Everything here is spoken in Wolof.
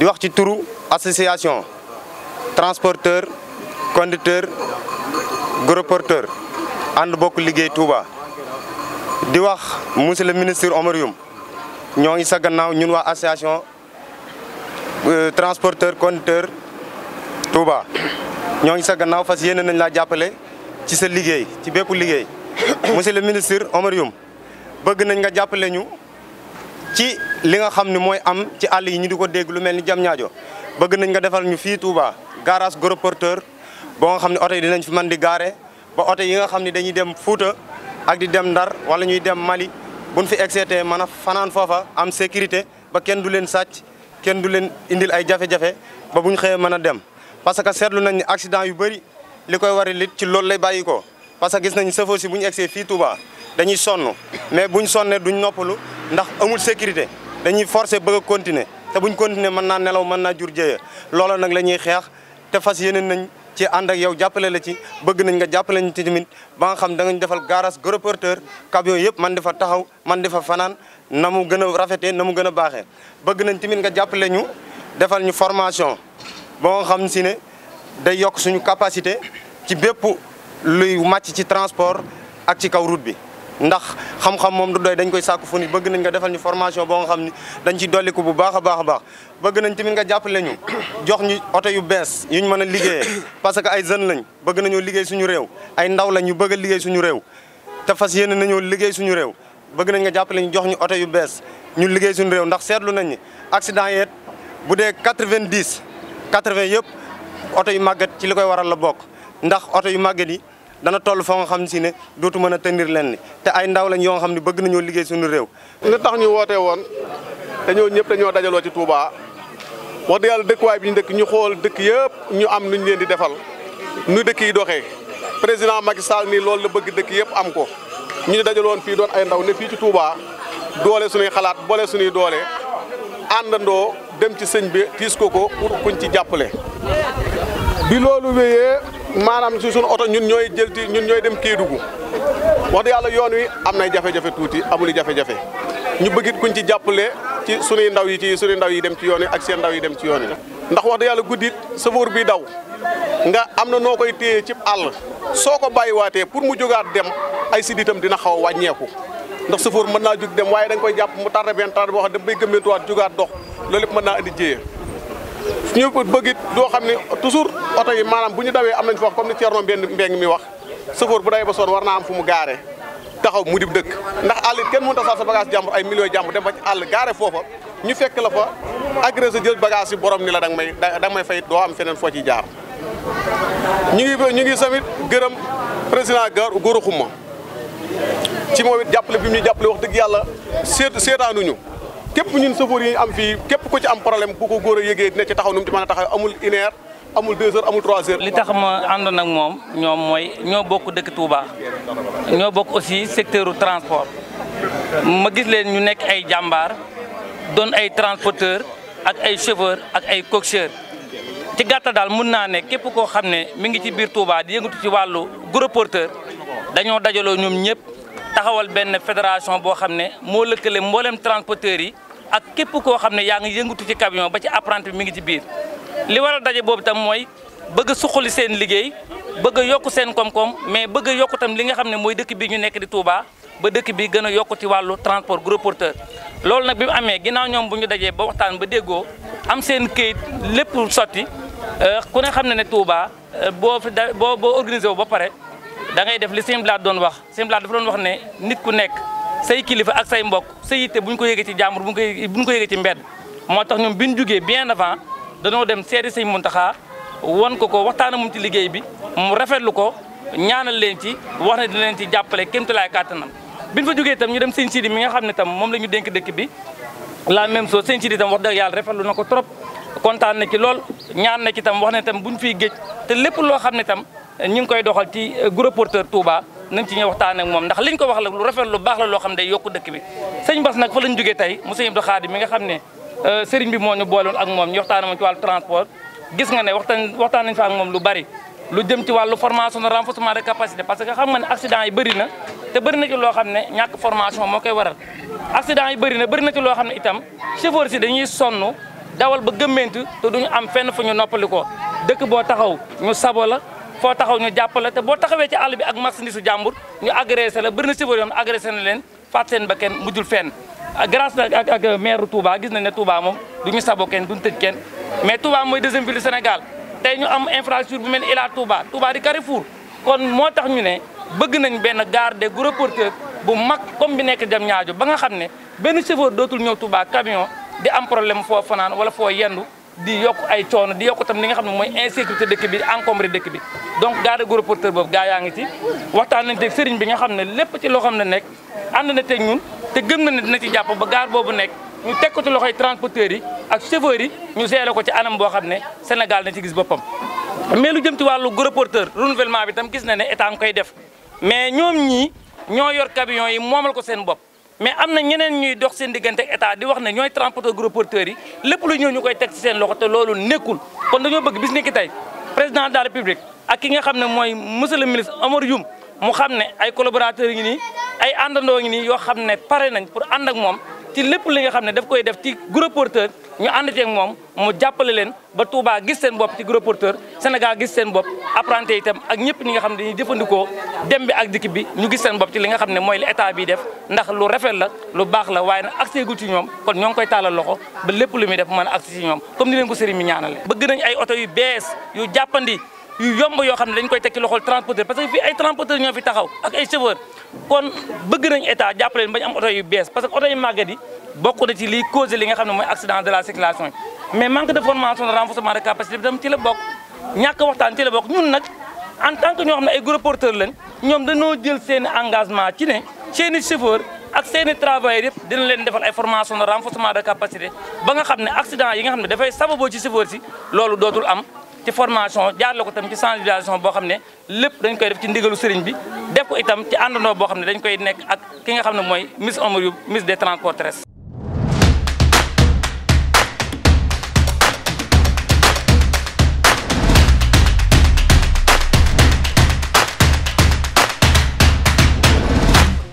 di wax ci turu association transporteur conducteur gros porteur ànd bokk liggéey Touba. di wax monsieur le ministre Oumar ñoo ngi sa gannaaw ñun waa association euh, transporteur conducteur Touba ñoo ngi sa gannaaw fas yeneen nañ laa jàppale ci sa liggéey ci bépp liggéey monsieur le ministre Oumar bëgg nañ nga jàppale ñu. ci li nga xam ne mooy am ci àll yi ñu di ko déglu mel ni jam ñaajo bëgg nañ nga defal ñu fii Touba garage gros porteur boo nga xam ne oto yi dinañ fi man di gaare ba oto yi nga xam ne dañuy dem Fuuta ak di dem Ndar wala ñuy dem Mali buñ fi exeetee mën a fanaan foofa am sécurité ba kenn du leen sàcc kenn du leen indil ay jafe-jafe ba buñ xëyee mën a dem parce que seetlu nañ ne accident yu bëri li koy wari lit ci loolu lay bàyyi ko parce que gis nañ sëfoor si bu ñu egsee fii Touba dañuy sonn mais buñ sonnee duñ noppalu ndax amul sécurité dañuy forcer bëgg a continuer te buñ continuer mën naa nelaw mën naa jur jéeya loola nag la ñuy xeex te fas yeneen nañ ci ànd ak yow jàppale la ci bëgg nañ nga jàppale ñu ci tamit ba nga xam da ngañ defal garage gros porteur camion yëpp man di fa taxaw man di fa fanaan na mu gën a rafetee na mu gën a baaxee bëgg nañ tamit nga jàppale ñu defal ñu formation boo nga xam si ne day yokk suñu capacité ci bépp luy màcc ci transport ak ci kaw bi ndax xam-xam moom du doy dañ koy sàkku fu ni bëgg nañ nga defal ñu formation boo nga xam ni dañ ci dolli ko bu baax a baax a baax bëgg nañ tamit nga jàppale ñu jox ñu oto yu bees yuñ mën a liggéeyee parce que ay jeunes lañ bëgg nañoo liggéey suñu réew ay ndaw lañ ñu bëgg liggéey suñu réew te fas yéene nañoo liggéey suñu réew bëgg nañ nga jàppale ñu jox ñu oto yu bees ñu liggéey suñu réew ndax seetlu nañ accident yeet bu dee 90 80 yëpp oto yu màggat ci li koy waral la bokk ndax oto yu màggat yi dana toll fa nga xam si ne dootu mën a tenir leen ni te ay ndaw lañ yoo xam ne bëgg nañoo liggéey suñu réew. li tax ñu wootee woon te ñoo ñëpp dañoo dajaloo ci Touba wax dëgg yàlla dëkkuwaay bi ñu dëkk ñu xool dëkk yëpp ñu am nuñ leen di defal nu dëkk yi doxee président Macky Sall nii loolu la bëgg dëkk yëpp am ko ñu ñu dajaloon fii doon ay ndaw ne fii ci Touba doole suñuy xalaat boole suñuy doole àndandoo dem ci sëñ bi tiis ko ko pour kuñ ci jàppale bi loolu maanaam si sunu oto ñun ñooy jël ci ñun ñooy dem Kédougou wax dëgg yàlla yoon wi am nay jafe-jafe tuuti amul jafe-jafe ñu bëggit kuñ ci jàppale ci sunuy ndaw yi ci sunuy ndaw yi dem ci yoon wi ak seen ndaw yi dem ci yoon yi ndax wax dëgg yàlla guddit safóor bii daw nga am na noo koy téye ci àll soo ko bàyyiwaatee pour mu jógaat dem ay siditam dina xaw a wàññeeku ndax safóor mën naa jóg dem waaye da nga koy jàpp mu tardé benn tardé boo xam dem bay gëmmentuwaat jógaat dox loolu lépp mën naa andi jéyee ñu bëggit doo xam ne toujours oto yi maanaam bu ñu dawee am nañ fa wax comme ni Thierno Mbeng Mbeng mi wax sëfoor bu dawee ba soon war na am fu mu gaare taxaw mu dib dëkk ndax àll kenn mënu ta sal sa bagage jàmbur ay millions jàmbur dem ba ci àll gaare foofa ñu fekk la fa agressé jël bagage yi borom ni la danga may danga may fay doo am feneen foo ci jaar ñu ngi ñu ngi samit gërëm président gar góoru xuma ci moom it jàppale bi mu ñu jàppale wax dëgg yàlla seet seetaanuñu képp ñun chauffeur yi am fii képp ku ci am problème bu ko góor a yëgee dina ci taxaw nu mu ci taxaw amul une amul deux heures amul trois li tax ma àndoon ak moom ñoom mooy ñoo bokk dëkk Touba ñoo bokk aussi secteur transport ma gis leen ñu nekk ay jàmbaar doon ay transporteur ak ay chauffeur ak ay coxeur ci gàttal daal mun naa ne képp koo xam ne mu ngi ci biir Touba di yëngatu ci wàllu gros porteur dañoo dajaloo ñoom ñëpp. taxawal benn fédération boo xam ne moo lëkkale mboolem transporteurs yi ak képp koo xam ne yaa ngi yëngatu ci camion ba ci apprenti bi mi ngi ci biir. li war a daje boobu tam mooy bëgg a suqali seen liggéey bëgg a yokk seen koom-koom mais bëgg yokkutam li nga xam ne mooy dëkk bi ñu nekk di Touba ba dëkk bi gën a yokk wàllu transport gros porteur. loolu nag bi mu amee ginnaaw ñoom bu ñu dajee ba waxtaan ba déggoo am seen këyit lépp sotti euh, ku ne xam ne ne Touba euh, boo fi da boo boo organisé wu ba pare. da ngay def li Sëñ Blaat doon wax Sëñ Blaat dafa doon wax ne nit ku nekk say kilifa ak say mbokk say yitte bu ñu ko yëgee ci jàmbur bu ñu ko yëgee ci mbedd moo tax ñoom bi ñu jugee bien avant danoo dem seeti Sëñ Muntaxa won ko ko waxtaana moom ci liggéey bi mu rafetlu ko ñaanal leen ci wax ne dina leen ci jàppale kéemtalaay kàttanam bi ñu fa jógee tam ñu dem Sëñ Sidi mi nga xam ne tam moom la ñu dénk dëkk bi la même soo Sëñ Sidi tam wax dëgg yàlla rafetlu na ko trop kontaan na ci lool ñaan na ci tam wax ne tam buñ fiy géej te lépp loo xam ne tam ñu ngi koy doxal ci euh, groupe porteur Touba nañ ci ñëw waxtaan moom ndax liñ ko wax la lu rafet lu baax la loo xam ne day dëkk bi sëñ Bass nag fa lañ jógee tey mu sëñ Abdou Khadim mi nga xam ne euh, sëriñ bi moo ñu booloon ak moom ñu waxtaan moom ci wàllu transport gis nga ne waxtaan nañ fa ak moom lu bari lu jëm ci wàllu formation renforcement de capacité parce que xam nga ne accident yi bëri na te bëri na ci loo xam ne ñàkk formation moo koy waral accident yi bëri na bëri na loo xam ne itam chauffeur si dawal ba gëmmentu te duñu am fenn fu ñu noppali ko dëkk boo taxaw ñu la foo taxaw ñu jàpp te boo taxawee ci àll bi ak marchandise su jàmbur ñu agressé la bëri na chauffeur yoon agressé na leen faat seen ba kenn mujjul feen ah, grâce nag ak ak euh, maire Touba gis nañ ne Touba moom du ñu sabo kenn ñu tëj kenn mais Touba mooy deuxième ville du Sénégal tey ñu am infrastructure bu mel ni Ila Touba Touba di Carrefour kon moo tax ñu ne bëgg nañ benn gare des gros porteurs bu mag comme bi nekk jam ñaajo ba nga xam ne benn chauffeur dootul ñëw Touba camion di am problème foo fanaan wala foo yendu di yokk ay coono di yokk tam li nga xam ne mooy insécurité dëkk bi encombré dëkk bi donc garde gros porteur boobu gaa yaa ngi ci waxtaan nañ teg sëriñ bi nga xam ne lépp ci loo xam ne nekk ànd na teg ñun te gëm na ne dina ci jàpp ba gaar boobu nekk ñu teg ko ci loxoy transporteurs yi ak chauffeurs yi ñu seere ko ci anam boo xam ne Sénégal na ci gis boppam mais lu jëm ci wàllu gros porteur renouvellement bi tam gis na ne état koy def mais ñoom ñii ñoo yor camion yi moomal ko seen bopp mais am na ñeneen ñuy dox seen diggante état di wax na ñooy transporteur gros porteurs yi lépp lu ñëw ñu koy teg ci seen te loolu nekkul kon dañoo bëgg bis ni ki tey président de la république ak ki nga xam ne mooy monsieur le ministre Oumar Youm mu xam ne ay collaborateurs yi nii ay àndandoo ngi nii yoo xam ne pare nañ pour ànd ak moom ci lépp li nga xam ne daf koy def ci gros porteur ñu ànd ceeg moom mu jàppale leen ba Touba gis seen bopp ci gros porteur Sénégal gis seen bopp apprenti itam ak ñëpp ñi nga xam ne dañuy jëfandikoo dem bi ak dikk bi ñu gis seen bopp ci li nga xam ne mooy li état bi def ndax lu rafet la lu baax la waaye na accès gu ci ñoom kon ñoo ngi koy taalal loxo ba lépp lu muy def mën a accès ci ñoom comme ni leen ko sëriñ mi ñaanale bëgg nañ ay oto yu bees yu jàppandi yoo xam ne dañ koy tekki loxol transporteur parce que fii ay transporteur ñoo fi taxaw ak ay chauffeur kon bëgg nañ état jàppale leen ba ñu am oto yu bees parce que oto yu màgget yi bokk na ci liy causé li nga xam ne mooy accident de la circulation yi mais manque de formation de renforcement de capacité bi tam ci la bokk ñàkk waxtaan ci bokk ñun nag en tant que ñoo xam ne ay gros porteurs lañ ñoom dañoo jël seen engagement ci ne seen i chauffeur ak seen i travailleurs dina leen defal ay formation de renforcement de capacité ba nga xam ne accident yi nga xam ne dafay sababoo ci chauffeur si loolu dootul am ci formation jaarale ko itam ci sensibilisation boo xam ne lépp dañ koy def ci ndigalu sëriñ bi def ko itam ci àndandoo boo xam ne dañ koy nekk ak ki nga xam ne mooy Miss Omar Youm Miss des Transports terrestres